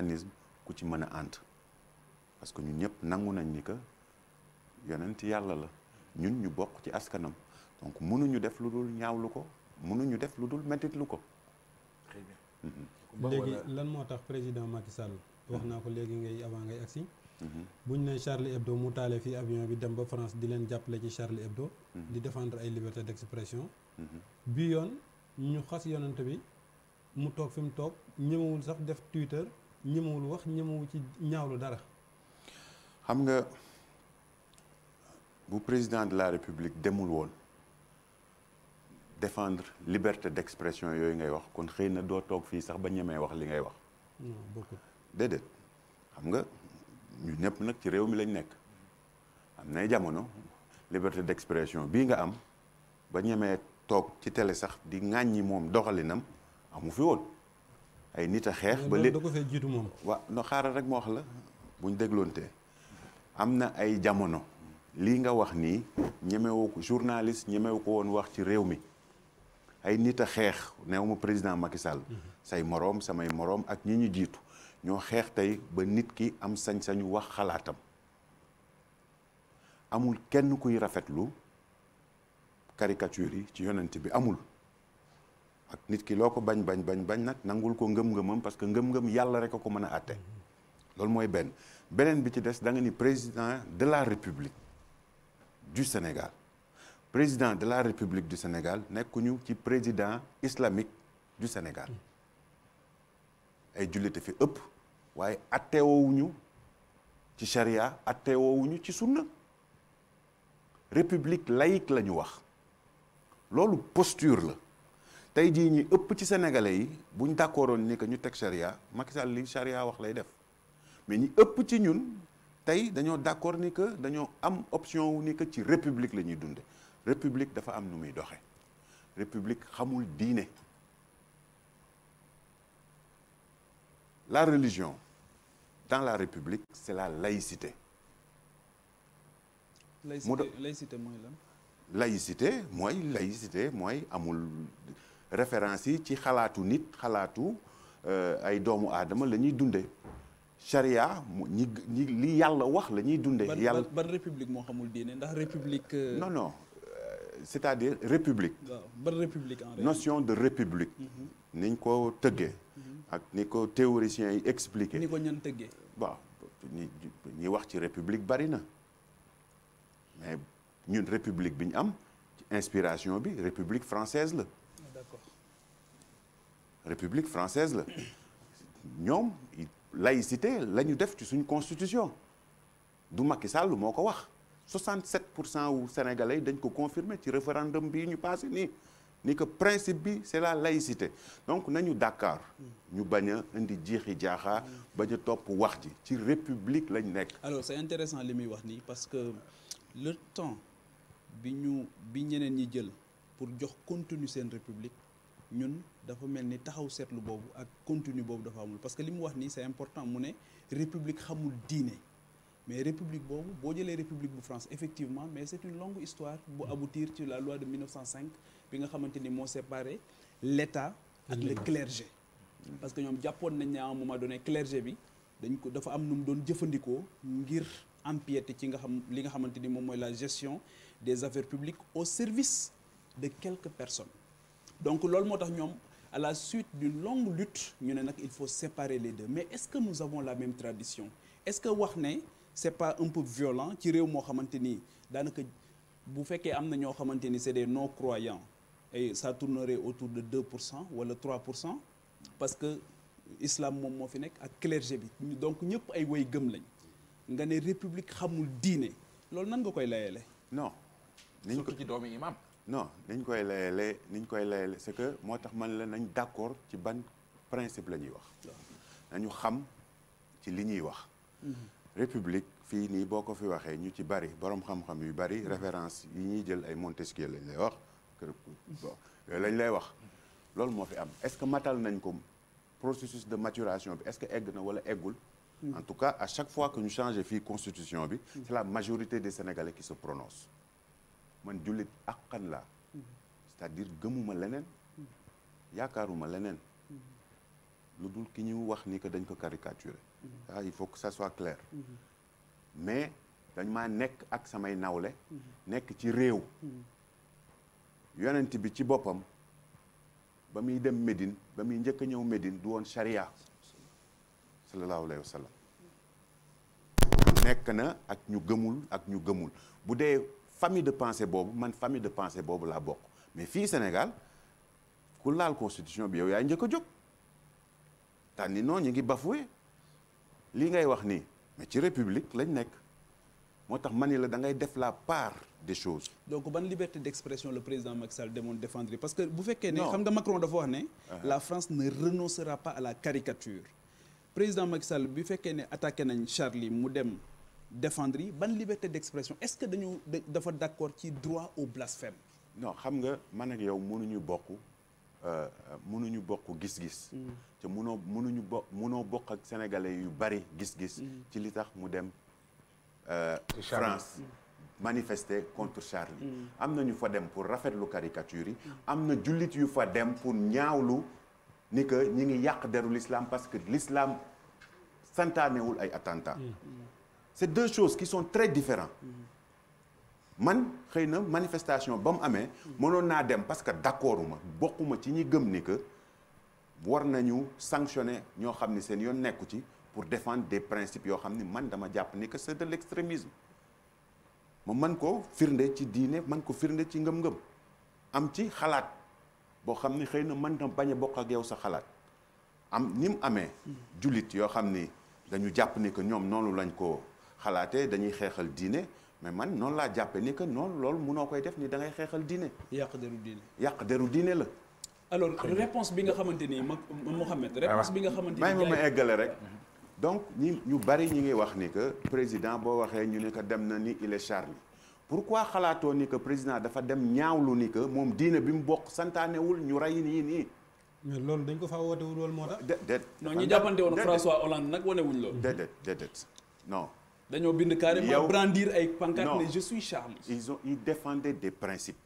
mécanisme ku ci mën a ànd parce que ñun ñëpp nangu nañ ni que yonent yàlla la ñun ñu bokk ci askanam donc mënuñu def lu dul ñaaw lu ko mënuñu def lu dul lu ko. très bien. Mm-hmm. léegi lan moo tax président Macky Sall. wax naa ko mm-hmm. léegi ngay avant ngay agsi. Mm-hmm. buñ ne Charlie Hebdo mu taalee fii avion bi dem ba France di leen jàppale ci Charlie Hebdo. di défendre ay liberté d'expression. bi yoon ñu xas yonent bi mu toog fi mu toog ñëwewul sax def Twitter. ñemewul wax ñemewu ci ñaawlu dara. xam nga bu président de la république demul woon défendre liberté d'expression yooyu ngay wax kon xëy na doo toog fii sax ba ñemee wax li ngay wax. déedéet xam nga ñu ñëpp nag ci réew mi lañ nekk am nay jamono liberté d'expression bii nga am ba ñemee toog ci tele sax di ŋàññi moom doxalinam amu fi woon. ay nit a xeex ba léegi da ko fee jiitu moom waaw no xaaral rek moo wax la buñ dégloonte am na ay jamono lii nga wax nii ñemewu ko journaliste ñemewu ko woon wax ci réew mi ay nit a xeex neew ma président Macky Sall mhm. say moroom samay moroom ak ñi ñu jiitu ñoo xeex tey ba nit ki am sañ-sañu wax xalaatam amul kenn kuy rafetlu caricature yi ci yonent bi amul ak nit ki loo ko bañ bañ bañ bañ nag nangul ko ngëm-ngëmam parce que ngëm-ngëm yàlla rek a ko mën a àtte loolu mooy benn beneen bi ci des da ni président de la république du Sénégal président de la république du Sénégal nekkuñu ci président islamique du Sénégal ay jullite fi ëpp waaye attewoowuñu ci charia attewoowuñu ci sunna république laïque la ñu wax loolu posture la tey jii ñi ëpp ci sénégalais yi bu ñu d'accordoon ni que ñu teg charia Macky Sall li charia wax lay def mais ñi ëpp ci ñun tey dañoo d'accord ni que dañoo am option wu ni ci république la ñuy dunde république dafa am nu muy doxe république xamul diine la religion dans la république c'est la laïcité laïcité mooy lan laïcité mooy laïcité mooy amul référence yi ci xalaatu nit xalaatu euh, ay doomu aadama la ñuy dundee charia ñi ñi li yàlla wax la ñuy dundee. yàlla ban république moo xamul diine ndax république. Euh, non non euh, c'est-à-dire république. waaw ban notion de république. Mhm. niñ ko tëggee. Mhm. ak ni ko théoriciens yi expliqué. ni ko ñan tëggee. waaw ñi wax ci république bari na mais ñun république bi am ci inspiration bi république française la. république française la ñoom laïcité la ñu def ci suñ constitution du Macky Sall moo ko wax 67 pour cent wu sénégalais dañ ko confirmer ci référendum bii ñu passé nii ni que principe bi c'est la laïcité donc nañu Dakar ñu bañ a indi jiixi jaaxaa bañ a topp wax ji ci république lañ nekk alors c'est intéressant li muy wax nii parce que le temps bi ñu bi ñeneen ñi jël pour jox continuer seen république ñun dafa mel ni taxaw seetlu boobu ak contenu boobu dafa amul parce que li mu wax nii c'est important mu ne république xamul diine mais république boobu boo jëlee république bu France effectivement mais c'est une longue histoire bu aboutir ci la loi de 1905 bi nga xamante ni moo séparé l'État ak le clergé parce que ñoom jàppoon nañ ne à un moment donné clergé bi dañ ko dafa am nu mu doon jëfandikoo ngir empiété ci nga xam li nga xamante ni moom mooy la gestion des affaires publiques au service de quelques personnes donc à la suite d'une longue lutte ñu ne nag il faut séparer les deux mais est-ce que nous avons la même tradition est-ce que wax ne c'est pas un peu violent ci réew moo xamante ni daanaka bu fekkee am na ñoo xamante ni c'est des non-croyants et ça tournerait autour de 2 pour cent wala 3 pour cent parce que islam moom moo fi nekk ak clergé bi donc ñëpp ay woy gëm lañ nga ne république xamul diine loolu nan nga koy layele non. nañ ko ci doomi imam non niñ koy layalee niñ koy layalee c'est que moo tax man la nañ d'accord ci ban principe la ñuy wax nañu xam ci li ñuy wax mm-hmm. république fii nii boo ko fi waxee ñu ci bari borom xam-xam yu bari mm-hmm. référence yi ñuy jël ay Montesquieu lañ lay wax bon lañ lay wax loolu moo fi am est-ce que matal nañ ko processus de maturation bi est-ce que egg na wala eggul mm-hmm. en tout cas a chaque fois que ñu changé fii constitution bi c'est la majorité de Sénégalais qui se prononcent man jullit àqan laa cest à gëmuma leneen yaakaaruma leneen lu dul ki ñu wax ni que dañ ko caricaturer ah il faut que ça soit clair mais dañ ma nekk ak samay nawle nekk ci réew yonent bi ci boppam ba muy dem Médine ba muy njëkk a ñëw Médine du woon charia sallallahu alayhi nekk na ak ñu gëmul ak ñu gëmul bu dee famille de pensée boobu man famille de pensée boobu laa bokk mais fii Sénégal ku laal constitution bi yow yaay njëkk a jóg daan ni ñu ngi bafoué lii ngay wax nii mais ci république lañ nekk moo tax man ni la da ngay def la part des choses. donc ban liberté d'expression le président Macky Sall demoon défendre parce que bu fekkee ne. xam nga Macron dafa wax ne. Uh-huh. la France ne renoncera pas à la caricature. président Macky bi fekkee ne attaqué nañ Charlie mu dem. défendre yi ban liberté d'expression est-ce que dañu dafa d'accord ci droit au blasphème non xam nga man ak yow mënuñu bokk euh, mënuñu bokk gis-gis mm. te mënoo mënuñu bo mënoo bokk ak sénégalais yu bari gis-gis mm. ci li tax mu dem euh, France mm. manifester contre Charlie am na ñu fa dem pour rafetlu caricature yi am na jullit yu fa dem pour ñaawlu ni que ñi ngi yàq deru l'islam parce que l'islam santaanewul ay attentat c'est deux choses qui sont très différentes man xëy na manifestation ba mu amee mënoon naa dem parce que d'accordu ma bokkuma ci ñi gëm ni que war nañu sanctionner ñoo xam ni seen yoon nekku ci pour défendre des principes yoo xam ni man dama jàpp ni que c'est de l'extrémisme ma mën ko firnde ci diine man ko firnde ci ngëm-ngëm am ci xalaat boo xam ni xëy na mën na bañ a bokk ak yow sa xalaat am ni mu amee mm. jullit yoo xam ni dañu jàpp ni que ñoom noonu lañ ko xalaatee dañuy xeexal diine mais man noonu laa jàppe ni que noonu loolu munoo koy def ni da ngay xeexal diine. yàq deru diine. yàq deru diine la. alors réponse bi nga xamante ni ma Mouhamed. réponse bi nga xamante ni may ma eggale rek. donc ñi ñu bari ñu ngi wax ni que président boo waxee ñu ne que dem na ni ile est Charlie pourquoi xalaatoo ni que président dafa dem ñaawlu ni que moom diine bi mu bokk santaanewul ñu rey nii nii. mais loolu dañ ko faa wootewul wul loolu moo tax. déedéet non ñu jàppante woon François Hollande nag wanewuñ loolu. déedéet déedéet non. dañoo bind carrément yow brandir ay pancarte ne je suis Charles. ils ont ils des principes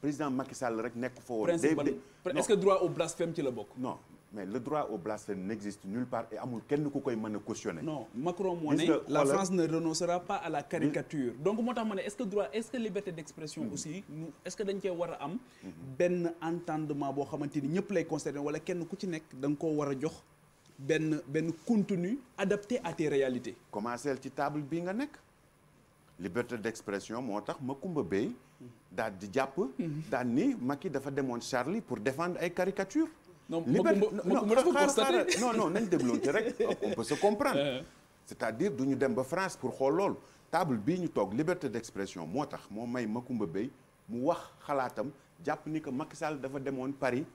président Macky Sall rek nekk foo. principe est-ce que droit au blasphème ci la bokk. non mais le droit au blasphème n'existe nulle part et amul kenn ku koy mën a cautionner. non Macron moo ne la France ne renoncera pas à la caricature. donc moo tax ma ne est-ce que droit est-ce que liberté d'expression hmm. aussi. est-ce que dañ cee war a am. Hmm. benn entendement boo xamante ni ñëpp lay concerner wala kenn ku ci nekk da nga koo a jox. benn benn contenu adapté à tes réalités. commencé ci table bi nga nekk liberté d'expression moo tax ma kumba béy daal di jàpp. daal ni mag yi dafa demoon Charlie pour défendre ay caricatures. non non non nañ dégloonte rek on peut se comprendre. Euh. c'est-à-dire du dem ba France pour xool loolu table bii ñu toog liberté d'expression moo tax moo may ma Makumba Bey mu wax xalaatam jàpp ni que Macky Sall dafa demoon Paris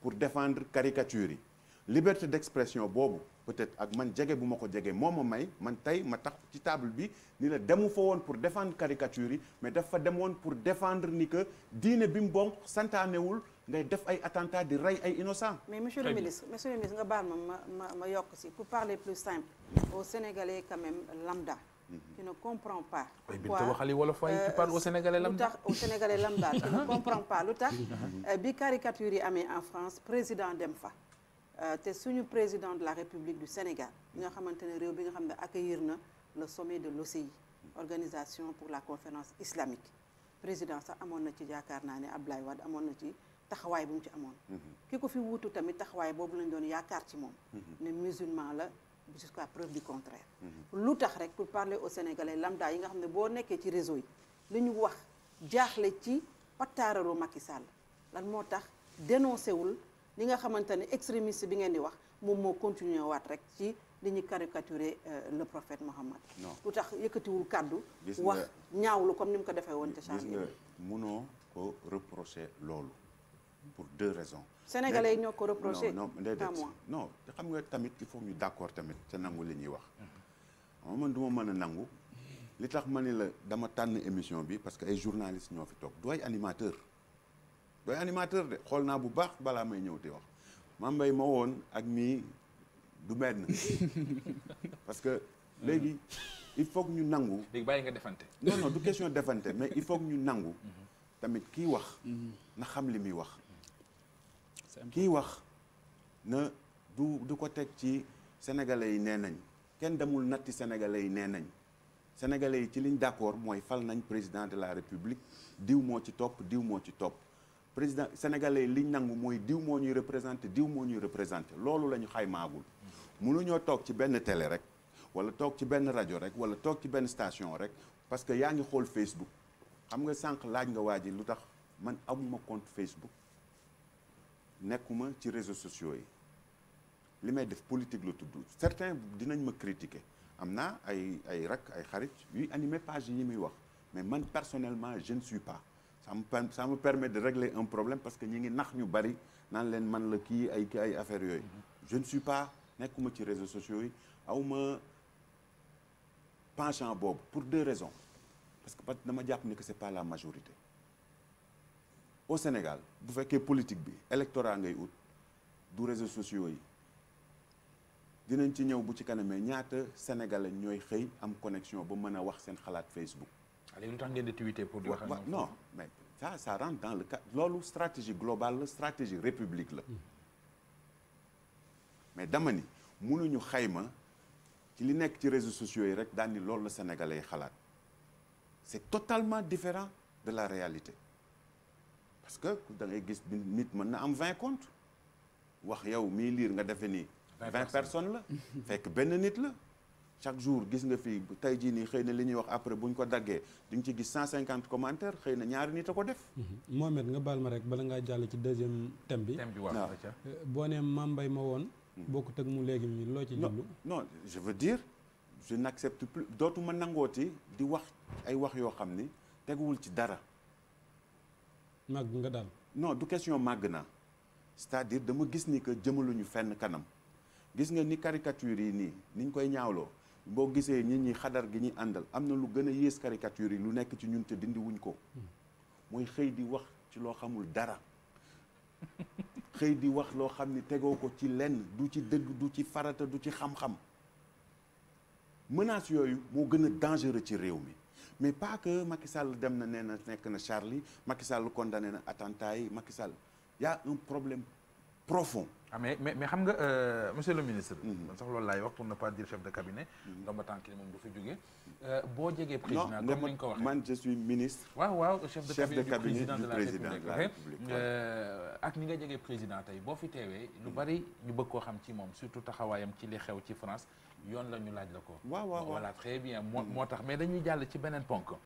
pour défendre caricature yi. liberté d'expression boobu peut-être ak man jege bu ma ko jege moom ma may man tey ma tax ci table bi ni la demu fa woon pour défendre caricature yi mais dafa dem woon pour défendre ni que diine bi mu bonk santaanewul ngay def ay attentat di rey ay innocent mais monsieur le ministre monsieur le nga baal ma ma ma yokk si pour parler plus simple au sénégalais quand même lambda mhm. qui ne comprend pas. pourquoi waxali wolof waaye tu euh, parles au Sénégalais lambda. lu tax au Sénégalais lambda qui ne comprend pas lu tax euh, bi caricature yi amee en France président dem fa. Euh, te suñu président de la république du Sénégal nga xamante ne réew bi nga xam ne accueillir na le sommet de l'OCI organisation pour la conférence islamique président sax amoon na ci yaakaar naa ne Abdoulaye Wade amoon na ci taxawaay bu mu ci amoon mm-hmm. ki ko fi wuutu tamit taxawaay boobu lañ doon yaakaar ci moom mm-hmm. ne musulman la jusqu'à preuve du contraire mm-hmm. lu tax rek pour parler au Sénégalais lambda yi nga xam ne boo nekkee ci réseau yi li ñu wax jaaxle ci pataaralu Macky Sall lan moo tax dénoncé wul li nga xamante ne extrémiste bi ngeen di wax moom moo continuer waat rek ci li ñu caricaturer euh, le prophète Mohammed lu tax yëkkatiwul kàddu wax ñaawlu comme ni mu ko defee woon te gis nga munoo ko reprocher loolu pour deux raisons sénégalais ñoo ko reproché non non xam nga tamit il faut ñu d'accord tamit te nangu li ñuy wax ma man du ma mën a nangu li tax ma ni la dama tànn émission bi parce que ay journalistes ñoo fi toog du ay animateur dooy animateur de xool naa bu baax balaa may ñëw te wax Mame ma woon ak mii du benn parce que léegi il faut ñu nangu. léegi defante. du question defante mais il faut ñu nangu. Mhm. tamit kiy wax. Mhm. na xam li muy wax. kiy wax na du du ko teg ci sénégalais yi nee nañ kenn demul natti sénégalais yi nee nañ sénégalais yi ci liñ d'accord mooy fal nañ président de la république diw moo ci topp diw moo ci topp. président sénégalais liñ nangu mooy diw moo ñuy représenté diw moo ñuy représenté loolu la ñu xaymaagul ñoo toog ci benn télé rek wala toog ci benn rajo rek wala toog ci benn station rek parce que yaa ngi xool Facebook xam nga sànq laaj nga waa ji lu tax man amuma compte Facebook nekkuma ci réseaux sociaux yi li may def politique lu tudd certains dinañ ma critiquer am naa ay ay rak ay xarit yuy animé page yi muy wax mais man personnellement je ne suis ça me ça me permet de régler un problème parce que ñi ngi nax ñu bari naan leen man la kii ay kii ay affaires yooyu je ne suis pas nekkuma ci réseaux sociaux yi awma penchant boobu pour deux raisons parce que dama jàpp ni que c'est pas la majorité au Sénégal bu fekkee politique bi électorat ngay ut du réseaux sociaux yi dinañ ci ñëw bu ci kanamee ñaata sénégalais ñooy xëy am connexion ba mën a wax seen xalaat Facebook léegi lu tax ngeen di tweeter pour di wax mais sa ça rentre dans le cas loolu stratégie globale la stratégie république la hmm. mais dama ni mënuñu xayma ci li nekk ci réseau sociaux yi rek daal ni loolu la sénégalais yi xalaat c'est totalement différent de la réalité parce que da ngay gis nit mën na am vingt comptes wax yow mii liir nga defe ni vingt personnes la fekk benn nit la chaque jour gis nga fi tey jii nii xëy na li ñuy wax après bu ñu ko daggee di nga ci gis 150 commentaires xëy na ñaari nit a def. Mhm. Mohamed nga baal ma rek bala ngaa jàll ci deuxième thème bi. thème bi waaw euh, boo nee Mame Mbaye ma woon. Mhm. bokkut ak mu léegi mi loo ci jublu. non je veux dire je n'accepte plus dootuma nangooti di wax ay wax yoo xam ni teguwul ci dara. màgg nga daal. non du question màgg naa cest à dama gis ni que ñu fenn kanam gis nga ni caricature yi nii niñ koy ñaawloo. boo gisee nit ñi xadar gi ñi àndal am na lu gën a yées caricature yi lu nekk ci ñun te dindi ko mooy xëy di wax ci loo xamul dara xëy di wax loo xam ni tegoo ko ci lenn du ci dëgg du ci farata du ci xam-xam menace yooyu moo gën a dangereux ci réew mi mais pas que Sall dem na nee na nekk na Charlie Macky Sall condamné na attentat yi Macky Sall y un problème profond ah mais mais xam nga euh, monsieur le ministre. Mm-hmm. man sax loolu laay wax pour ne pas dire chef de cabinet. Mm-hmm. ndomba tànk li du fi jógee. Euh, boo jegee président comme ni ñu ko waxee man je suis ministre. waaw waaw chef de cabinet du président de la république euh, ak ni nga jegee président tey boo fi teewee. lu mm-hmm. bari ñu bëgg koo xam ci moom surtout taxawaayam ci li xew ci France yoon la ñu laaj la ko. waaw waaw voilà très bien moo moo tax mais dañuy jàll ci beneen ponk.